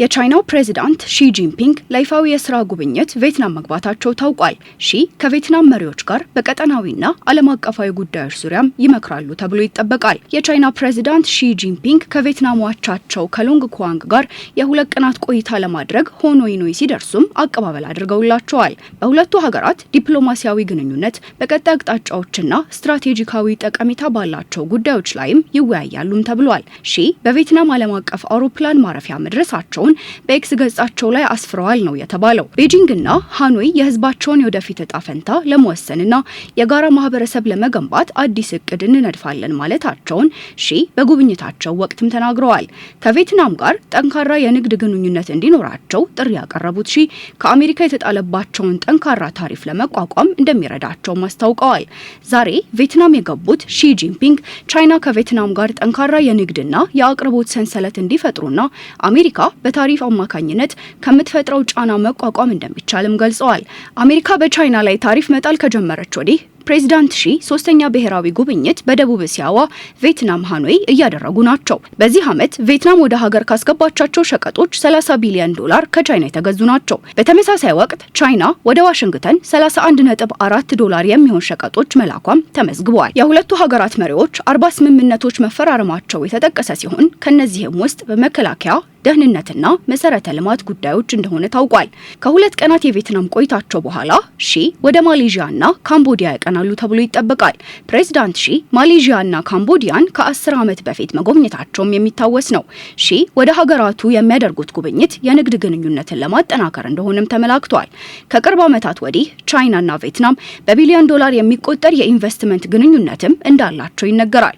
የቻይናው ፕሬዚዳንት ሺ ጂንፒንግ ለይፋዊ የስራ ጉብኝት ቬትናም መግባታቸው ታውቋል። ሺ ከቬትናም መሪዎች ጋር በቀጠናዊና ዓለም አቀፋዊ ጉዳዮች ዙሪያም ይመክራሉ ተብሎ ይጠበቃል። የቻይና ፕሬዚዳንት ሺ ጂንፒንግ ከቬትናም አቻቸው ከሎንግ ኳንግ ጋር የሁለት ቀናት ቆይታ ለማድረግ ሆኖይ ኖይ ሲደርሱም አቀባበል አድርገውላቸዋል። በሁለቱ ሀገራት ዲፕሎማሲያዊ ግንኙነት በቀጣይ አቅጣጫዎችና ስትራቴጂካዊ ጠቀሜታ ባላቸው ጉዳዮች ላይም ይወያያሉም ተብሏል። ሺ በቬትናም ዓለም አቀፍ አውሮፕላን ማረፊያ መድረሳቸውን መሆናቸውን በኤክስ ገጻቸው ላይ አስፍረዋል ነው የተባለው። ቤጂንግና ሃኖይ የህዝባቸውን የወደፊት እጣ ፈንታ ለመወሰንና የጋራ ማህበረሰብ ለመገንባት አዲስ እቅድ እንነድፋለን ማለታቸውን ሺ በጉብኝታቸው ወቅትም ተናግረዋል። ከቬትናም ጋር ጠንካራ የንግድ ግንኙነት እንዲኖራቸው ጥሪ ያቀረቡት ሺ ከአሜሪካ የተጣለባቸውን ጠንካራ ታሪፍ ለመቋቋም እንደሚረዳቸውም አስታውቀዋል። ዛሬ ቬትናም የገቡት ሺ ጂንፒንግ ቻይና ከቬትናም ጋር ጠንካራ የንግድና የአቅርቦት ሰንሰለት እንዲፈጥሩና አሜሪካ በታሪፍ አማካኝነት ከምትፈጥረው ጫና መቋቋም እንደሚቻልም ገልጸዋል። አሜሪካ በቻይና ላይ ታሪፍ መጣል ከጀመረች ወዲህ ፕሬዚዳንት ሺ ሶስተኛ ብሔራዊ ጉብኝት በደቡብ እስያዋ ቬትናም ሃኖይ እያደረጉ ናቸው። በዚህ ዓመት ቬትናም ወደ ሀገር ካስገባቻቸው ሸቀጦች 30 ቢሊዮን ዶላር ከቻይና የተገዙ ናቸው። በተመሳሳይ ወቅት ቻይና ወደ ዋሽንግተን 31.4 ዶላር የሚሆን ሸቀጦች መላኳም ተመዝግቧል። የሁለቱ ሀገራት መሪዎች አርባ ስምምነቶች መፈራረማቸው የተጠቀሰ ሲሆን ከነዚህም ውስጥ በመከላከያ ደህንነትና መሰረተ ልማት ጉዳዮች እንደሆነ ታውቋል። ከሁለት ቀናት የቬትናም ቆይታቸው በኋላ ሺ ወደ ማሌዥያና ካምቦዲያ ያቀናሉ ተብሎ ይጠበቃል። ፕሬዚዳንት ሺ ማሌዥያና ካምቦዲያን ከአስር ዓመት በፊት መጎብኘታቸውም የሚታወስ ነው። ሺ ወደ ሀገራቱ የሚያደርጉት ጉብኝት የንግድ ግንኙነትን ለማጠናከር እንደሆነም ተመላክቷል። ከቅርብ ዓመታት ወዲህ ቻይናና ቬትናም በቢሊዮን ዶላር የሚቆጠር የኢንቨስትመንት ግንኙነትም እንዳላቸው ይነገራል።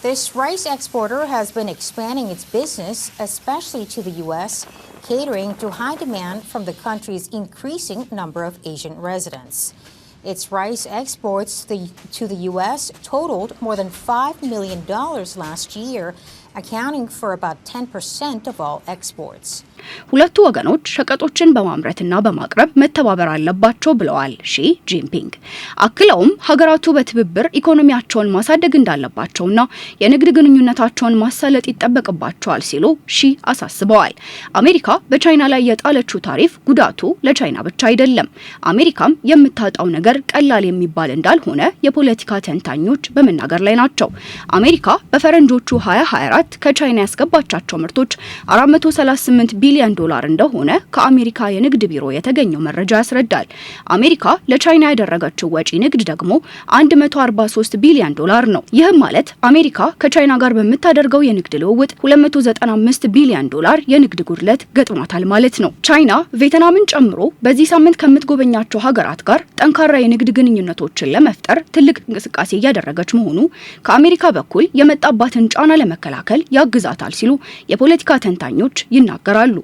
This rice exporter has been expanding its business, especially to the U.S., catering to high demand from the country's increasing number of Asian residents. Its rice exports to the U.S. totaled more than $5 million last year ሁለቱ ወገኖች ሸቀጦችን በማምረትና በማቅረብ መተባበር አለባቸው ብለዋል ሺ ጂንፒንግ። አክለውም ሀገራቱ በትብብር ኢኮኖሚያቸውን ማሳደግ እንዳለባቸውና የንግድ ግንኙነታቸውን ማሳለጥ ይጠበቅባቸዋል ሲሉ ሺ አሳስበዋል። አሜሪካ በቻይና ላይ የጣለችው ታሪፍ ጉዳቱ ለቻይና ብቻ አይደለም፣ አሜሪካም የምታጣው ነገር ቀላል የሚባል እንዳልሆነ የፖለቲካ ተንታኞች በመናገር ላይ ናቸው። አሜሪካ በፈረንጆቹ 2024 2024 ከቻይና ያስገባቻቸው ምርቶች 438 ቢሊዮን ዶላር እንደሆነ ከአሜሪካ የንግድ ቢሮ የተገኘው መረጃ ያስረዳል። አሜሪካ ለቻይና ያደረገችው ወጪ ንግድ ደግሞ 143 ቢሊዮን ዶላር ነው። ይህም ማለት አሜሪካ ከቻይና ጋር በምታደርገው የንግድ ልውውጥ 295 ቢሊዮን ዶላር የንግድ ጉድለት ገጥሟታል ማለት ነው። ቻይና ቬትናምን ጨምሮ በዚህ ሳምንት ከምትጎበኛቸው ሀገራት ጋር ጠንካራ የንግድ ግንኙነቶችን ለመፍጠር ትልቅ እንቅስቃሴ እያደረገች መሆኑ ከአሜሪካ በኩል የመጣባትን ጫና ለመከላከል ያግዛታል ሲሉ የፖለቲካ ተንታኞች ይናገራሉ።